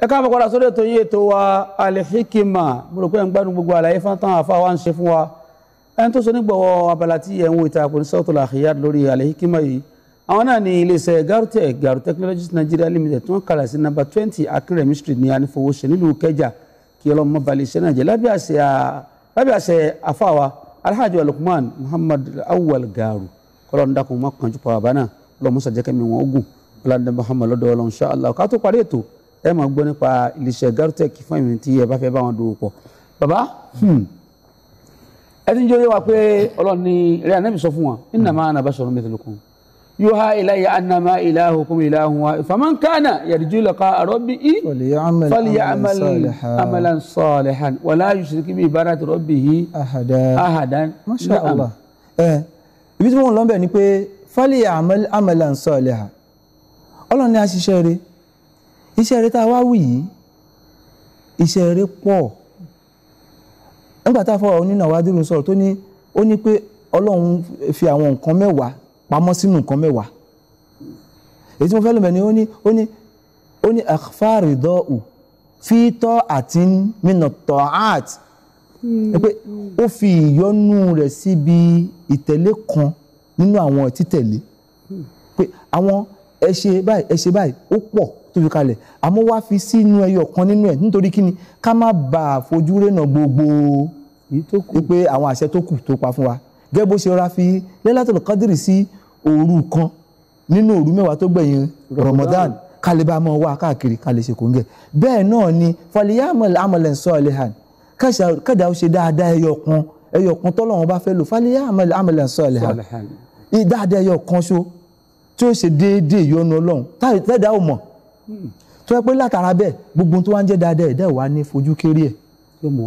ẹ káàmù padà sórí ètò yìí ètò wa alẹ́fíkìmà gbọ́dọ̀kọ́ ẹ̀ ń gbádùn gbogbo àlàyé fántán àfa wa ń ṣe fún wa ẹni tó so nígbọ̀wọ́ abala tí ẹ̀ ń wo ìtàkùn ní Sawtul Akhiyar lórí alẹ́fíkìmà yìí àwọn náà ní iléeṣẹ́ Garutech Garu Technologies Nigeria Limited tí wọ́n kalẹ̀ sí number twenty Akínrẹ̀mí Street ní anífowóṣe nílùú Kẹjà kí ọlọ́mọ balẹ̀ iṣẹ́ náà jẹ́ lábẹ́ àṣẹ àfa wa Lukman Muhammad Awal Garu kọ́lọ́ọ̀ ń dákun mọ́ kànjú pàwọ́ àbá náà ọlọ́mọ sàjẹ́kẹ́mi wọn ó gùn Allah ká tó parí ẹ máa gbọ́ nípa iléeṣẹ́ Garutech fún ìwé tí ẹ bá fẹ́ bá wọn dòwò pọ̀ bàbá hmm. ẹ ti ń jóyè wa pé ọlọ́run ní rẹ̀ anábì sọ fún wọn innama ana basharun mithlukum yuha ilayya annama ilahukum ilahun wa faman kana yarju liqa'a rabbihi falya'mal amalan salihan wala yushrik bi ibadati rabbihi ahadan masha Allah eh, ibi tí wọ́n lọ́nbẹ̀ ni pé falya'mal amalan salihan ọlọ́run ní a ṣiṣẹ́ rẹ̀ iṣẹ́ eré tá a wá wù yìí iṣẹ́ eré pọ̀ nígbà tá a fọwọ́ onínà wa dúró sọ̀rọ̀ tó ní ó ní pé ọlọ́run fi àwọn nǹkan mẹ́wàá pamọ́ sínú nǹkan mẹ́wàá èyí tí mo fẹ́ lò bẹ̀ ni ó ní ó ní ó ní àfáàrídọ́ọ̀ fítọ́ àti mìnà tọ́hát pé ó fi ìyọ́nú rẹ̀ síbi ìtẹ̀lé kan nínú àwọn títẹ̀lé pé àwọn ẹ ṣe báyìí ẹ ṣe báyìí ó pọ̀ tó fi kalẹ̀ àmọ́ wá fi sínú ẹyọ kan nínú ẹ̀ nítorí kíni ká má bà á fojú rénà gbogbo pé àwọn àṣẹ tó kù tó pa fún wa gẹ́gẹ́ bó ṣe rọra fi lẹ́látọ̀lù kádìrì sí òru kan nínú òru mẹ́wàá tó gbẹ̀yìn Ramadan kálíbà máa wá káàkiri kálí ṣe kò ń gẹ̀ bẹ́ẹ̀ náà ni faliyamọ̀ amọ̀lẹ̀ ń sọ ẹ̀ lẹ́hàn kẹ́dà ó ṣe dáadáa ẹyọ kan ẹyọ kan tọ́lọ́run bá fẹ́ lò faliyamọ̀ amọ̀lẹ̀ ń sọ ẹ̀ lẹ́hàn dáadáa ẹyọ kan ṣo tí ó ṣe déédéé ìyọ́nú ọlọ́run tẹ́ẹ̀dá ò mọ̀ hmm. tó yẹ pé látara bẹ́ẹ̀ gbogbo tó wá ń jẹ́ dáadáa ẹ̀dá ìwà ní fojú kéré ẹ̀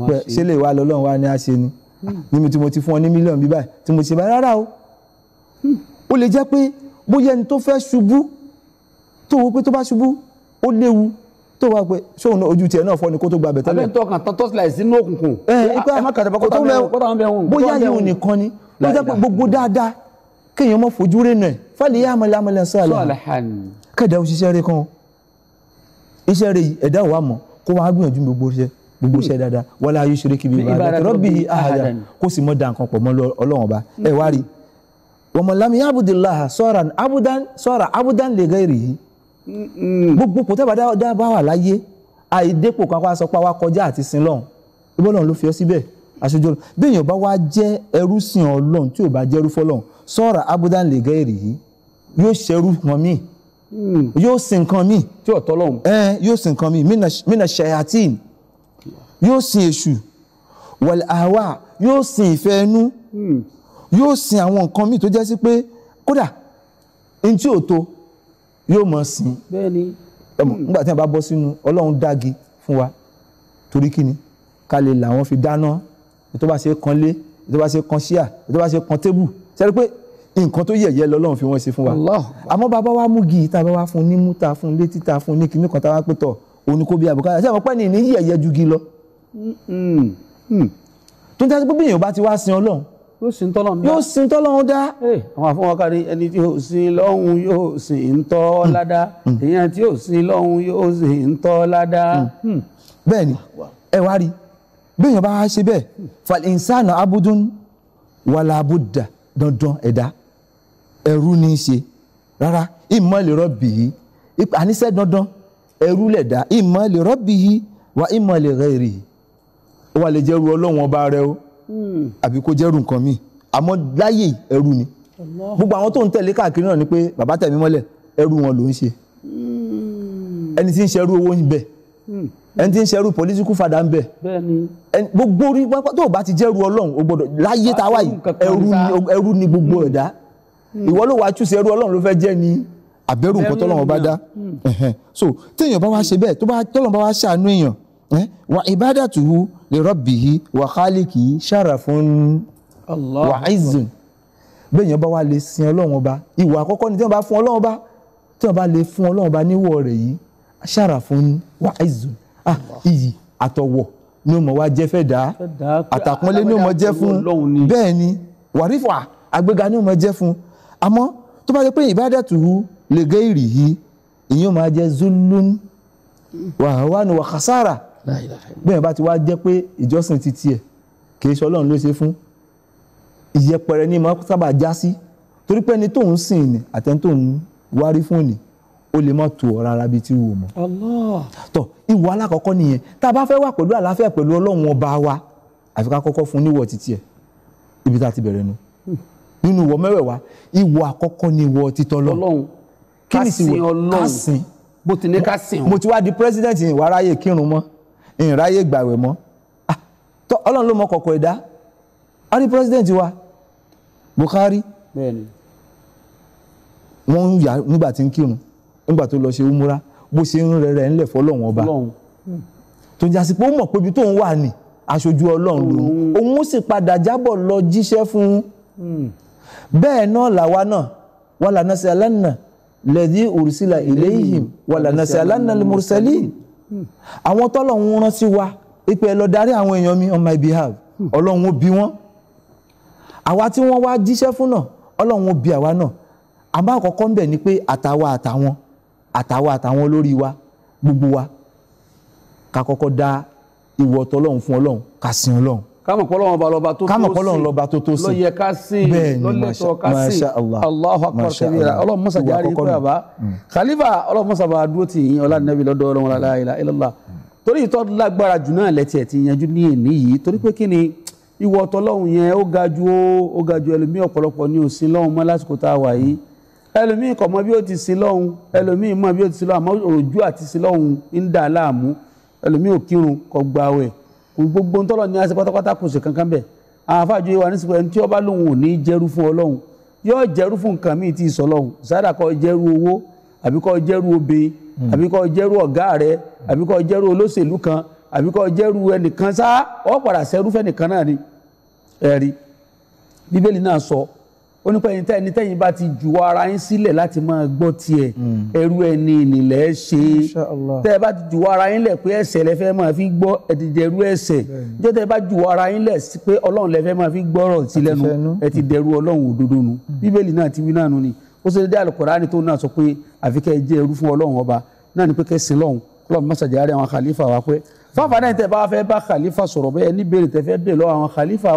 pẹ̀ ṣé lè wá lọ́lọ́run wá ní á ṣe ni hmm. níbi tí mo ti fún ọ ní mílíọ̀nù bíbáyìí tí mo ṣe bá rárá o hmm. ó lè jẹ́ pé bóyá ẹni tó fẹ́ ṣubú tó wo pé tó bá ṣubú ó léwu tó wá pé sóun ojú tiẹ̀ náà fọ́ ni kó tó gba bẹ̀tẹ́lẹ̀. abẹ́ntọ́ kan tán tọ́sílẹ̀ sínú òkùnkùn. ẹ ẹ pé bóyá yìí ò nìkan ni ló jẹ́ pé gbogbo dáadáa kéèyàn mọ̀ fojú rẹ̀ nù ẹ̀ fàlẹ́ yá amọ̀lẹ́ amọ̀lẹ́ sọ́ọ̀lẹ́ kẹ̀dá òṣìṣẹ́ rẹ kan iṣẹ́ rẹ ẹ̀dá wà mọ̀ kó wàá gbìyànjú gbogbo iṣẹ́ gbogbo iṣẹ́ hmm. dáadáa wala yushriku bi ibadati rabbihi ahadan kó sì mọ́ da nǹkan pọ̀ mọ́ ọlọ́run ọba hmm. ẹ̀ wá rí wa man lam ya'budillaha sọ́ra abudan sọ́ra abudan li ghairihi hmm. gbogbo kò tẹ́bà dábàá wà láyé àìdépò kan wá sọ pé wá kọjá àti sin lọ́hùn ìbọn lọ́hùn ló fi ọ síbẹ̀ aṣojú béèyàn bá wá jẹ́ tí ò bá jẹ́rú fọ́lọ́hùn sọ́ra abudan li ghairihi yóò ṣerú wọn míì hmm. yóò sin nǹkan míì tí ò tọ́lọ́hún yóò sin nǹkan míì mina shayatin yóò sin èṣù wal ahwa yóò sin ìfẹ́ ẹnu hmm. yóò sin àwọn nǹkan míì tó jẹ́ sí pé kódà n tí ò tó yóò mọ̀ sin nígbà tí wọ́n bá bọ́ sínú ọlọ́run dági fún wa torí kíni ká lè làwọn fi dáná ètò bá ṣe kan lé ètò bá ṣe kan ṣíà ètò bá ṣe kan tébù ṣe rí pé nǹkan tó yẹ̀yẹ́ lọ́lọ́run fi wọ́n ṣe fún wa àmọ́ bàbá wa mú gìí tá a bá wa fún un ní mú ta fún un létí fún ní kinní kan tá a wá pé tọ̀ òun ni kò bí àbùkátà ṣé àwọn pẹ́ẹ́nì ní yẹ̀yẹ́ ju gìí lọ. tó ń tẹ́sí pé bí èèyàn bá ti wá sin ọlọ́run yóò sin tọ́lọ́run dá yóò sin tọ́lọ́run dá. Eh, àwọn afọwọ́kárí ẹni tí yóò sin lọ́hùn yóò sin tọ́ ládá mm. Mm. èèyàn tí yóò sin lọ́hùn yóò sin tọ́ ládá. Mm. Hmm. bẹ́ẹ̀ ni ẹ wá rí bẹ́ẹ̀ yẹn bá ṣe bẹ́ẹ̀ fal insana abudun wàlà dandan ẹ̀dá ẹrú ní í ṣe rárá ìmọ̀ lè rọ́bì yìí àníṣẹ́ dandan ẹrú lè dá ìmọ̀ lè rọ́bì yìí wà ìmọ̀ lè rẹ̀ rè ó wà lè jẹ́rú ọlọ́run ọba rẹ o hmm. àbí kó jẹ́rú nǹkan míì àmọ́ láyè ẹrú ni gbogbo àwọn tó ń tẹ̀lé káàkiri náà ni pé bàbá tẹ̀mí mọ́lẹ̀ ẹrú wọn ló ń ṣe hmm. ẹni tí ń ṣerú owó ń bẹ hmm. ẹni tí ń ṣerú political fada ń bẹ gbogbo orí tó o bá ti jẹ́rú ọlọ́run o gbọ́dọ̀ láyé táwa yìí ẹrú ni gbogbo ẹ̀dá Hmm. ìwọ ló wàá túnṣe ẹrú ọlọ́run ló fẹ́ jẹ́ ni àbẹ̀rù nǹkan tọ́lọ́run bá dá so téèyàn bá wá ṣe bẹ́ẹ̀ tó bá tọ́lọ́run bá wá ṣàánú èèyàn wa ibadatuhu li rabbihi wa khaliqihi sharafun wa aizun béèyàn bá wá lè sin ọlọ́run ọba ìwà àkọ́kọ́ ni téèyàn bá fún ọlọ́run ọba téèyàn bá lè fún ọlọ́run ọba níwọ̀ rẹ̀ yìí sharafun wa aizun ah iyì àtọ̀wọ̀ ni ó mọ̀ wá jẹ́ fẹ́ dá àtàpọ́nlé ni ó mọ̀ jẹ́ fún bẹ́ẹ̀ wàrífà àgbéga ni ó mọ̀ jẹ́ fún àmọ́ tó bá jẹ́ pé ìbádàtù lè gé ìrì yìí ìyẹn máa jẹ́ zulun wàhánù wà kásárà bẹ́ẹ̀ bá ti wá jẹ́ pé ìjọsìn ti tiẹ̀ kì í ṣe ọlọ́run ló ṣe fún ìyẹpẹrẹ ní máa sábà já sí torí pé ẹni tó sìn ní àtẹni tó wárí fún ni ó lè má tu ọ rárá bíi tí wò mọ́. tọ ìwọ alákọ̀ọ́kọ́ nìyẹn tá a bá fẹ́ wà pẹ̀lú àlàáfíà pẹ̀lú ọlọ́run ọba wa àfi ká kọ́kọ́ fún níwọ̀ títí ẹ̀ ibi tá a ti bẹ̀rẹ̀ nu. Hmm nínú ìwọ mẹ́wẹ̀ẹ̀wá ìwọ àkọ́kọ́ ni ìwọ títọ́ lọ́hùn kí ni sì ká sìn bó ti ní ká mo ti wá di president yìí wá ráyè kírun mọ́ ìyìn ráyè gbàwẹ̀ mọ́ ah, ọlọ́run ló mọ kọ̀kọ̀ ẹ̀dá a rí president wa Buhari wọ́n ń yà nígbà tí ń kírun nígbà tó lọ ṣe umura bó ṣe ń rẹ̀ rẹ̀ ńlẹ̀ fọlọ́run ọba tó jásí pé ó mọ̀ pé ibi tóun wà ní aṣojú ọlọ́run lòun òun ó sì padà jábọ̀ lọ jíṣẹ́ fún un. Hmm bẹ́ẹ̀ náà làwa náà wàlà nasi alánà lẹ́dí òrùsílà ìléyìn wàlà nasi alánà lẹ́mùrùsẹ́lì àwọn tọ́lọ̀ ń rán sí wa ipe ẹ lọ darí àwọn èèyàn mi on my behalf ọlọ́run ó bí wọ́n àwa tí wọ́n wá jíṣẹ́ fún náà ọlọ́run ó bí àwa náà àmọ́ àkọ́kọ́ ń bẹ̀ ni pé àtàwa àtàwọn àtàwa àtàwọn olórí wa gbogbo wa ká kọ́kọ́ dá ìwọ tọ́lọ́run fún ọlọ́run ká sin ọlọ́run kámọ̀ pọ́lọ́wọ́n ba lọ́ba tó tó sí kámọ̀ pọ́lọ́wọ́n lọ́ba tó tó sí lọ́yẹ ká sí lọ́lẹ́tọ̀ ká sí Allahu akbar kabira ọlọ́run mọ́sá jáde ikú yàrá khalifa ọlọ́run mọ́sá bá dúró tì yín ọlá nàbí lọ́dọ̀ ọlọ́run la ilaha illallah torí ìtọ́ lágbára jù náà lẹ́tì ẹ̀ ti yanjú ní èní yìí torí pé kí ni ìwọ ọ̀tọ̀lọ́hún yẹn ó ga ju ó ga ju ẹlòmíì ọ̀pọ̀lọpọ̀ ní òsín lọ́hún mọ́ lásìkò tá a wà yìí ẹlòmíì kò mọ bí ó ti sin lọ́hún ẹlòmíì mọ bí ti sin lọ́hún àmọ́ òjú àti sin lọ́hún ń dà láàmú ẹlòmíì ò kírun kò gbààwẹ̀ gbogbo ntọ́lọ̀ ní ase pátápátá kò sí kankan bẹ́ẹ̀ àfàjọ ìwà nísìkò ẹni tí ó bá lóun ò ní jẹ́rú fún ọlọ́run yóò jẹ́rú fún nǹkan míì tí ì sọ lọ́hùn sáádà kó jẹ́rú owó àbí kó jẹ́rú obìnrin hmm. àbí kó jẹ́rú ọ̀gá rẹ hmm. àbí kó jẹ́rú olóṣèlú kan àbí kó jẹ́rú ẹnìkan sáá ọ̀ padà sẹ́rú fẹ́nìkan náà ni ẹ̀rí bíbélì náà sọ ó ní pé ẹni tẹ́ni tẹ́yìn bá ti ju ara yín sílẹ̀ láti máa gbọ́ tiẹ̀ hmm. ẹrú ẹni ìnìlẹ̀ ṣe tẹ́ ẹ bá ti ju ara yín lẹ̀ pé ẹ̀ṣẹ̀ lẹ́fẹ́ máa fi gbọ́ ẹ ti dẹrú ẹ̀ṣẹ̀ jọ́ tẹ́ ẹ bá ju ara yín lẹ̀ pé ọlọ́run lẹ́fẹ́ máa fi gbọ́rọ̀ sí lẹ́nu ẹ ti dẹrú ọlọ́run òdodo nu hmm. bíbélì náà ti wí náà nu ni ó ṣe dédé àlùkòrá ni tó náà sọ pé àfi ẹ jẹ́ ẹrú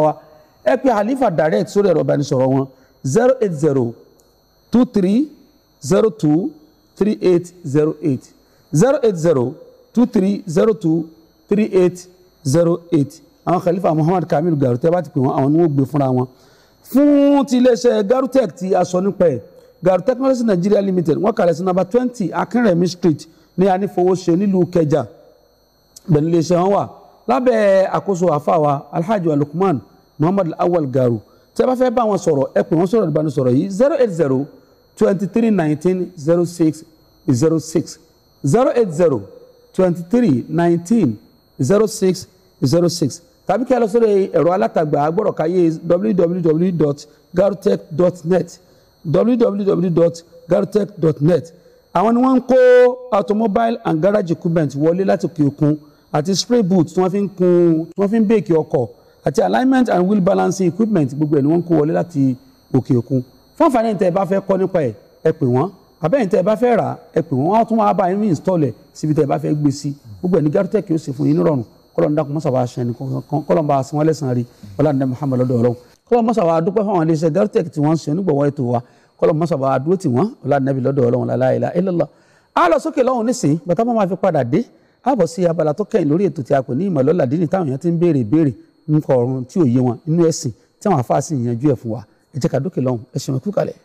wa pé fáfáà direct sórí ẹ̀rọ ìbánisọ̀rọ̀ wọn 080 23 02 3808 080 23 02 3808 àwọn khalifa muhammad kamil garutẹ bá ti pè wọn àwọn ni wọn gbé fúnra wọn fún ti iléeṣẹ́ garutec ti aṣọ nípa ẹ garu technology nigeria limited wọn kàlẹ̀ sí number twenty akínrẹ̀mí street ní anífowóṣe nílùú kẹjà bẹ̀rẹ̀ iléeṣẹ́ wọn wà lábẹ́ àkóso àfàwà alhaji alukman muhammad awal garu tí a bá fẹ́ bá wọn sọ̀rọ̀ ẹ pè wọ́n sọ̀rọ̀ ìbánisọ̀rọ̀ yìí zero eight zero twenty three nineteen zero six zero six zero eight zero twenty three nineteen zero six zero six tàbí kí ẹ lọ sórí ẹ̀rọ alátagbà agbọ́rọ̀káyé www.garutech.net www.garutech.net àwọn ni wọ́n ń kó automobile and garage equipment wọlé láti òkè òkun àti spray booth tí wọ́n fi ń kun tí wọ́n fi ń bèèkì ọkọ̀ àti alignment and wheel balancing equipment gbogbo ẹ̀ ni wọ́n ń kó wọlé láti òkè òkun fún àǹfààní tẹ́ ẹ bá fẹ́ kọ́ nípa ẹ̀ ẹ pè wọ́n àbẹ́yìn tẹ́ ẹ bá fẹ́ rà ẹ pè wọ́n wọ́n tún wá bá yín install ẹ̀ síbi tẹ́ ẹ bá fẹ́ gbé sí gbogbo ẹ̀ ní garutech yóò ṣe fún yín nírọ̀rùn kọ́lọ́n dákun mọ́sàwá aṣẹ́ni kọ́lọ́n bá aṣọ wọn lẹ́sàn-án rí ọlọ́dún muhammed lọ́dọ̀ ọlọ́run kọ́lọ́n mọ́sàwá dúpẹ́ fáwọn iléeṣẹ́ garutech tí wọ́n ń ṣe onígbọ̀wọ́ ètò wa kọ́lọ́n mọ́sàwá la ilaha illallah a lọ nǹkan ọ̀run tí ò yé wọn nínú ẹ̀sìn tí àwọn àfáà sì yanjú ẹ̀ fún wa ẹ ká dókè lọ́hùn ẹ ṣeun ẹ